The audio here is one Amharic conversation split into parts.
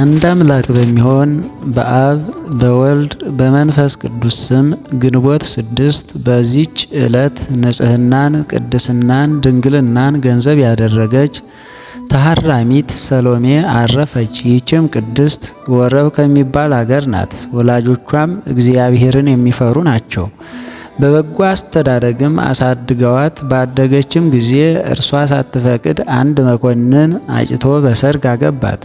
አንድ አምላክ በሚሆን በአብ በወልድ በመንፈስ ቅዱስ ስም ግንቦት ስድስት በዚች ዕለት ንጽህናን፣ ቅድስናን፣ ድንግልናን ገንዘብ ያደረገች ተሐራሚት ሰሎሜ አረፈች። ይህችም ቅድስት ወረብ ከሚባል አገር ናት። ወላጆቿም እግዚአብሔርን የሚፈሩ ናቸው። በበጎ አስተዳደግም አሳድገዋት ባደገችም ጊዜ እርሷ ሳትፈቅድ አንድ መኮንን አጭቶ በሰርግ አገባት።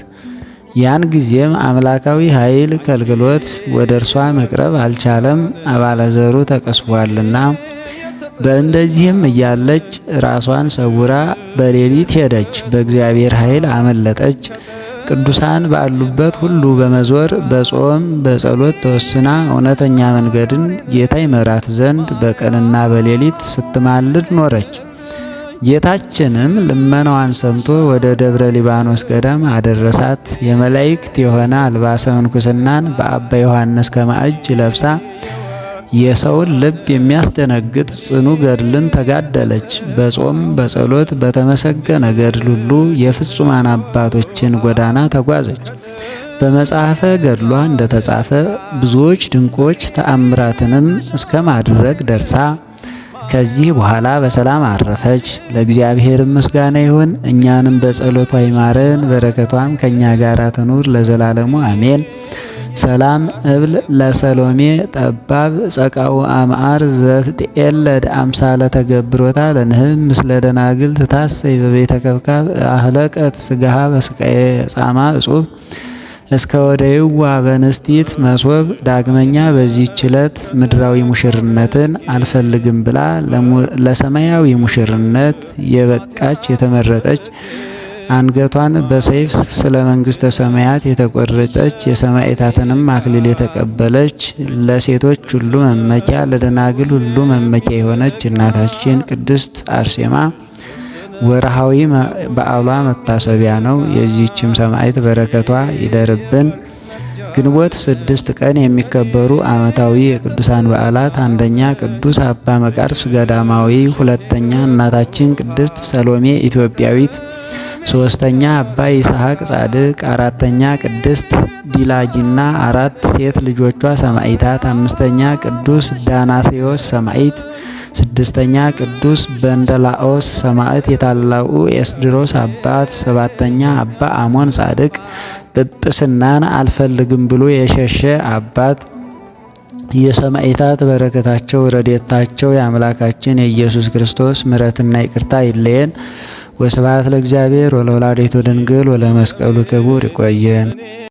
ያን ጊዜም አምላካዊ ኃይል ከልክሎት ወደ እርሷ መቅረብ አልቻለም፣ አባለዘሩ ተቀስፏልና። በእንደዚህም እያለች ራሷን ሰውራ በሌሊት ሄደች፣ በእግዚአብሔር ኃይል አመለጠች። ቅዱሳን ባሉበት ሁሉ በመዞር በጾም በጸሎት ተወስና እውነተኛ መንገድን ጌታ ይመራት ዘንድ በቀንና በሌሊት ስትማልድ ኖረች። ጌታችንም ልመናዋን ሰምቶ ወደ ደብረ ሊባኖስ ገዳም አደረሳት። የመላእክት የሆነ አልባሰ ምንኩስናን በአባ ዮሐንስ ከማእጅ ለብሳ የሰውን ልብ የሚያስደነግጥ ጽኑ ገድልን ተጋደለች። በጾም በጸሎት በተመሰገነ ገድል ሁሉ የፍጹማን አባቶችን ጎዳና ተጓዘች። በመጽሐፈ ገድሏ እንደተጻፈ ብዙዎች ድንቆች ተአምራትንም እስከ ማድረግ ደርሳ ከዚህ በኋላ በሰላም አረፈች። ለእግዚአብሔር ምስጋና ይሁን፣ እኛንም በጸሎቷ ይማረን፣ በረከቷም ከእኛ ጋር ትኑር ለዘላለሙ አሜን። ሰላም እብል ለሰሎሜ ጠባብ ጸቃው አምአር ዘትጤል አምሳለ ተገብሮታ ለንህም ምስለ ደናግል ትታሰይ በቤተ ከብካብ አህለቀት ስጋሃ በስቃዬ ጻማ እጹብ እስከ ወደዩ ዋበንስጢት መሶብ ዳግመኛ በዚህች ዕለት ምድራዊ ሙሽርነትን አልፈልግም ብላ ለሰማያዊ ሙሽርነት የበቃች የተመረጠች አንገቷን በሰይፍ ስለ መንግስተ ሰማያት የተቆረጠች የሰማዕታትንም አክሊል የተቀበለች ለሴቶች ሁሉ መመኪያ ለደናግል ሁሉ መመኪያ የሆነች እናታችን ቅድስት አርሴማ ወርሃዊ በዓሏ መታሰቢያ ነው። የዚህችም ሰማዕት በረከቷ ይደርብን። ግንቦት ስድስት ቀን የሚከበሩ ዓመታዊ የቅዱሳን በዓላት አንደኛ ቅዱስ አባ መቃርስ ገዳማዊ፣ ሁለተኛ እናታችን ቅድስት ሰሎሜ ኢትዮጵያዊት፣ ሶስተኛ አባ ይስሐቅ ጻድቅ፣ አራተኛ ቅድስት ዲላጂና አራት ሴት ልጆቿ ሰማዕታት፣ አምስተኛ ቅዱስ ዳናሴዎስ ሰማዕት ስድስተኛ ቅዱስ በንደላኦስ ሰማዕት የታላቁ ኤስድሮስ አባት። ሰባተኛ አባ አሞን ጻድቅ ጵጵስናን አልፈልግም ብሎ የሸሸ አባት። የሰማዕታት በረከታቸው ረድኤታቸው የአምላካችን የኢየሱስ ክርስቶስ ምሕረትና ይቅርታ ይለየን። ወስብሐት ለእግዚአብሔር ወለወላዲቱ ድንግል ወለመስቀሉ ክቡር። ይቆየን።